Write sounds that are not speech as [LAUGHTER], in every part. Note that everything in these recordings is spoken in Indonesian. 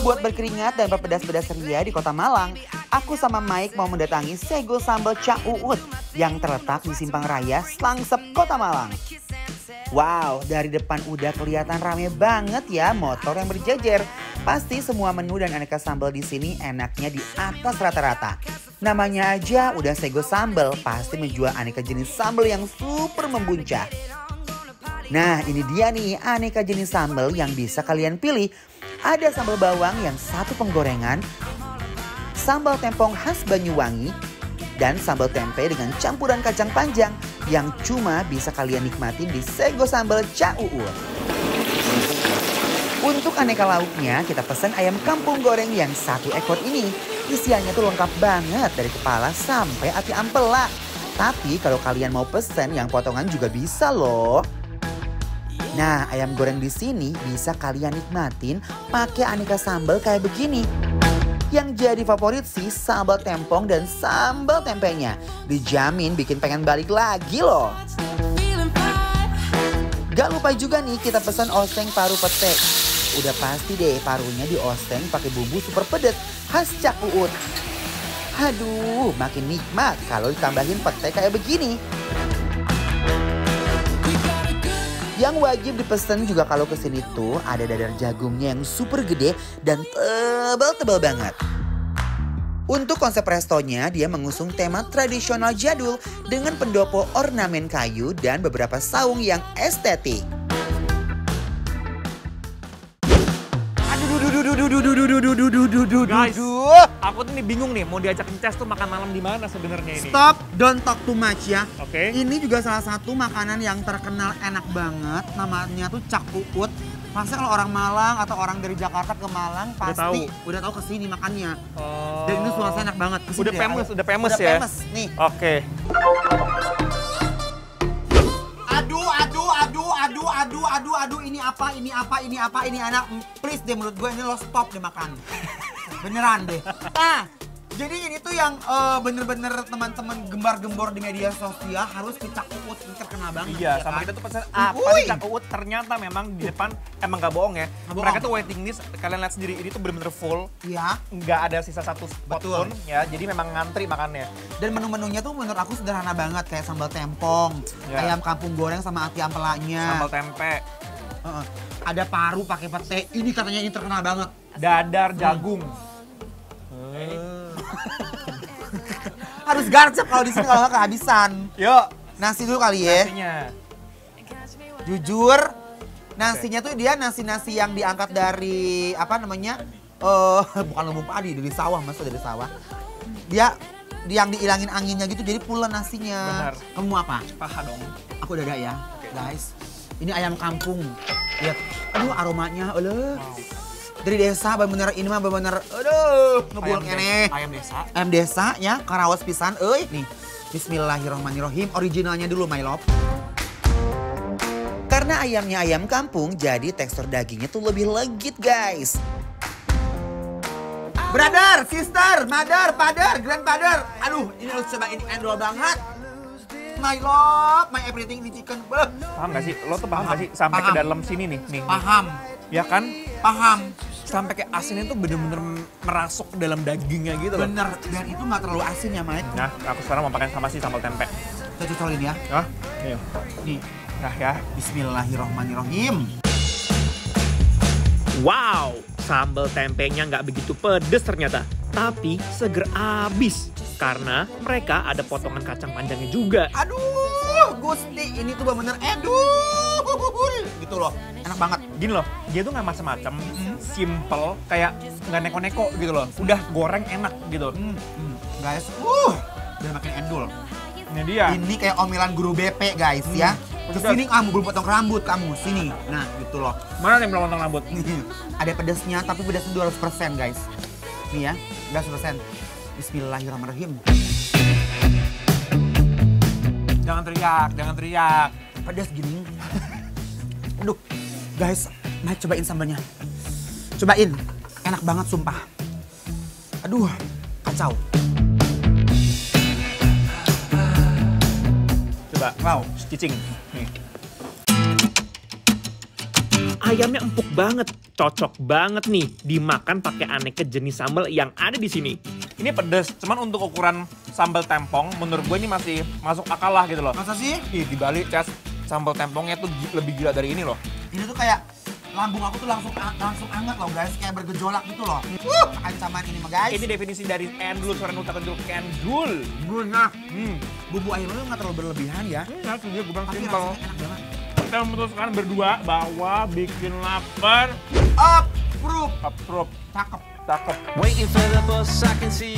buat berkeringat dan berpedas-pedas ria di kota Malang, aku sama Mike mau mendatangi Sego Sambal Cak Uut yang terletak di Simpang Raya, Slangsep, Kota Malang. Wow, dari depan udah kelihatan rame banget ya motor yang berjejer. Pasti semua menu dan aneka sambal di sini enaknya di atas rata-rata. Namanya aja udah sego sambal, pasti menjual aneka jenis sambal yang super membuncah. Nah ini dia nih aneka jenis sambal yang bisa kalian pilih. Ada sambal bawang yang satu penggorengan, sambal tempong khas Banyuwangi, dan sambal tempe dengan campuran kacang panjang yang cuma bisa kalian nikmati di Sego Sambal Cauur. Untuk aneka lauknya, kita pesan ayam kampung goreng yang satu ekor ini. Isiannya tuh lengkap banget dari kepala sampai ati ampela. Tapi kalau kalian mau pesen yang potongan juga bisa loh. Nah, ayam goreng di sini bisa kalian nikmatin pakai aneka sambal kayak begini. Yang jadi favorit sih sambal tempong dan sambal tempenya. Dijamin bikin pengen balik lagi loh. Gak lupa juga nih kita pesan oseng paru petek. Udah pasti deh parunya di oseng pakai bumbu super pedet khas cak uut. Aduh, makin nikmat kalau ditambahin petai kayak begini. Yang wajib dipesan juga kalau kesini tuh ada dadar jagungnya yang super gede dan tebal-tebal banget. Untuk konsep restonya, dia mengusung tema tradisional jadul dengan pendopo ornamen kayu dan beberapa saung yang estetik. Aduh, duh, duh, duh, duh, duh, duh, duh, duh, duh, Guys, duh. aku tuh nih bingung nih mau diajak Ces tuh makan malam di mana sebenarnya ini. Stop, don't talk too much ya. Oke. Okay. Ini juga salah satu makanan yang terkenal enak banget. Namanya tuh cak uut. Pasti kalau orang Malang atau orang dari Jakarta ke Malang pasti udah tahu, udah tahu kesini makannya. Oh. Dan ini suasana enak banget. Kesini ya, udah, famous, udah ya? famous, ya. Udah nih. Oke. Okay. Aduh, aduh, aduh, aduh, aduh, aduh, aduh, ini apa, ini apa, ini apa, ini anak. Please deh menurut gue ini lo stop deh makan beneran deh nah jadi ini tuh yang uh, bener-bener teman-teman gembar-gembor di media sosial harus kita uut terkena banget. Iya, ya sama kan? kita tuh pesan apa kita uut ternyata memang di depan emang gak bohong ya. Gak bohong. Mereka tuh waiting list kalian lihat sendiri ini tuh bener-bener full. Iya. Nggak ada sisa satu spot pun ya. Jadi memang ngantri makannya. Dan menu-menunya tuh menurut aku sederhana banget kayak sambal tempong, yeah. ayam kampung goreng sama ati ampelanya. Sambal tempe. Uh -uh. Ada paru pakai pete. Ini katanya ini terkenal banget. Dadar jagung. Hmm harus garcep kalau di sini kalau nggak kehabisan. Yuk, nasi dulu kali ya. Nasinya. Jujur, nasinya tuh dia nasi-nasi yang diangkat dari apa namanya? Eh, uh, [LAUGHS] bukan lumbung padi, dari sawah, masa dari sawah. Dia yang dihilangin anginnya gitu jadi pula nasinya. Benar. Kamu apa? Paha dong. Aku dada ya, okay. guys. Ini ayam kampung. Lihat. Aduh aromanya, eleh. Wow dari desa bener-bener ini mah bener-bener aduh ngebuang ini ayam desa ayam desa ya karawas pisan eh nih bismillahirrahmanirrahim originalnya dulu my love karena ayamnya ayam kampung jadi tekstur dagingnya tuh lebih legit guys Brother, sister, mother, father, grandfather. Aduh, ini harus coba ini endol banget. My love, my everything ini chicken. Paham gak sih? Lo tuh paham, paham. gak sih? Sampai paham. ke dalam sini nih. nih. Paham. Ya kan? Paham sampai kayak asinnya tuh bener-bener merasuk dalam dagingnya gitu loh. Bener, dan itu nggak terlalu asin ya, Mike. Nah, aku sekarang mau pakai sama sih sambal tempe. Kita cocolin ya. Hah? ayo iya. Nih. Nah ya. Bismillahirrohmanirrohim. Wow, sambal tempenya nggak begitu pedes ternyata. Tapi seger abis. Karena mereka ada potongan kacang panjangnya juga. Aduh, Gusti ini tuh bener-bener aduh gitu loh enak banget gini loh dia tuh nggak macam-macam hmm. simple kayak nggak neko-neko gitu loh udah goreng enak gitu hmm. Hmm. guys uh udah makin endul ini dia ini kayak omelan guru BP guys ya. hmm. ya Terus sini kamu belum potong rambut kamu, sini. Nah, gitu loh. Mana yang belum potong rambut? [LAUGHS] Ada pedesnya tapi pedasnya persen guys. ini ya, dua ratus persen Bismillahirrahmanirrahim. Jangan teriak, jangan teriak. pedes gini. [LAUGHS] Aduh, guys, naik cobain sambalnya. Cobain, enak banget sumpah. Aduh, kacau. Coba, mau, cicing. Nih. Ayamnya empuk banget, cocok banget nih dimakan pakai aneka jenis sambal yang ada di sini. Ini pedes, cuman untuk ukuran sambal tempong menurut gue ini masih masuk akal lah gitu loh. Masa sih? Ih, di Bali, Cez sambal tempongnya tuh lebih gila dari ini loh. Ini tuh kayak lambung aku tuh langsung langsung anget loh guys, kayak bergejolak gitu loh. Wuh, ancaman ini mah guys. Ini definisi dari endul, seorang nuta endul, kendul. nah. Hmm. Bumbu airnya tuh nggak terlalu berlebihan ya. Iya, hmm, gue bilang simpel. enak banget. Kita memutuskan berdua bahwa bikin lapar. Approve. Approve. Cakep. Cakep.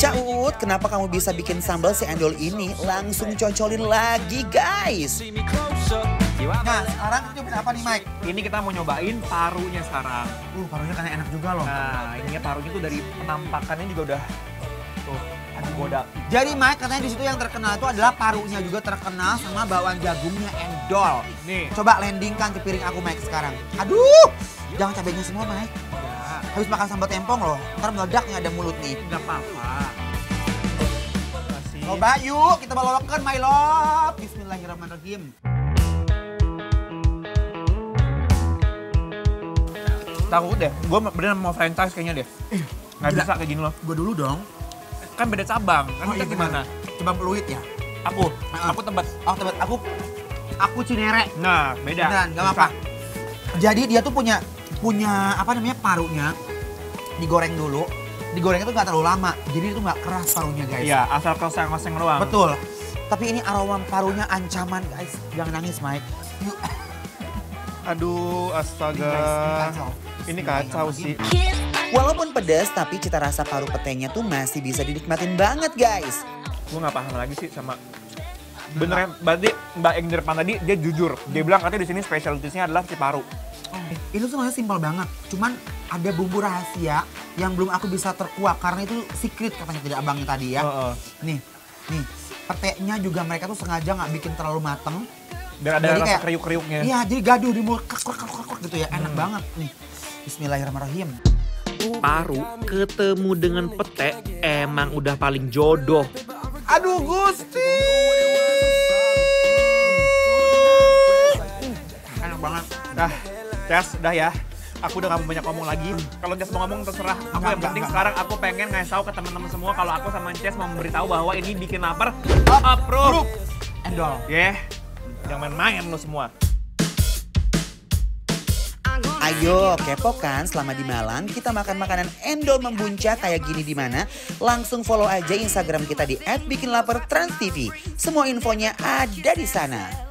Cak Uut, kenapa kamu bisa bikin sambal si endol ini? Langsung cocolin lagi, guys. Nah, sekarang kita nyobain apa nih, Mike? Ini kita mau nyobain parunya sekarang. Uh, parunya kan enak juga loh. Nah, ini parunya tuh dari penampakannya juga udah tuh aduh bodak. Jadi Mike katanya di situ yang terkenal itu adalah parunya juga terkenal sama bawang jagungnya endol. Nih. Coba landingkan ke piring aku Mike sekarang. Aduh, jangan cabenya semua Mike habis makan sambal tempong loh. Ntar meledak ada mulut nih. Nggak apa-apa. Coba yuk, kita balolokan my love. Bismillahirrahmanirrahim. Takut deh, gue beneran mau franchise kayaknya deh. Gak eh, Nggak bisa kayak gini loh. Gue dulu dong. Kan beda cabang, kan oh, kita iya, gimana? Cabang peluit ya? Aku, aku tebet. Oh tebet, aku aku cinere. Nah, beda. Beneran, gak apa-apa. Jadi dia tuh punya punya apa namanya parunya digoreng dulu digorengnya tuh nggak terlalu lama jadi itu nggak keras parunya guys iya asal kosong-kosong doang betul tapi ini aroma parunya ancaman guys jangan nangis Mike aduh astaga ini, guys, ini kacau, ini kacau sih walaupun pedas tapi cita rasa paru petenya tuh masih bisa dinikmatin banget guys gue nggak paham lagi sih sama beneran berarti Mbak Engineer di tadi dia jujur dia bilang katanya di sini specialtiesnya adalah si paru itu sebenarnya simpel banget. Cuman ada bumbu rahasia yang belum aku bisa terkuak karena itu secret katanya tidak abangnya tadi ya. Uh, uh. Nih, nih petenya juga mereka tuh sengaja nggak bikin terlalu mateng. Biar ada jadi rasa kayak, kriuk-kriuknya. Iya, jadi gaduh di mulut krek krek krek gitu ya. Enak hmm. banget nih. Bismillahirrahmanirrahim. Paru ketemu dengan pete emang udah paling jodoh. Aduh Gusti. enak banget. Dah. Tes, udah ya. Aku udah gak mau banyak ngomong lagi. Kalau Tes mau ngomong terserah. Aku enggak, yang penting enggak. sekarang aku pengen ngasih tahu ke teman-teman semua kalau aku sama Tes mau memberitahu bahwa ini bikin lapar. Oh, oh, approve. Endol. Yeah. Jangan main-main lo semua. Ayo, kepo kan selama di Malang kita makan makanan endol membuncah kayak gini di mana? Langsung follow aja Instagram kita di @bikinlapertransTV. Semua infonya ada di sana.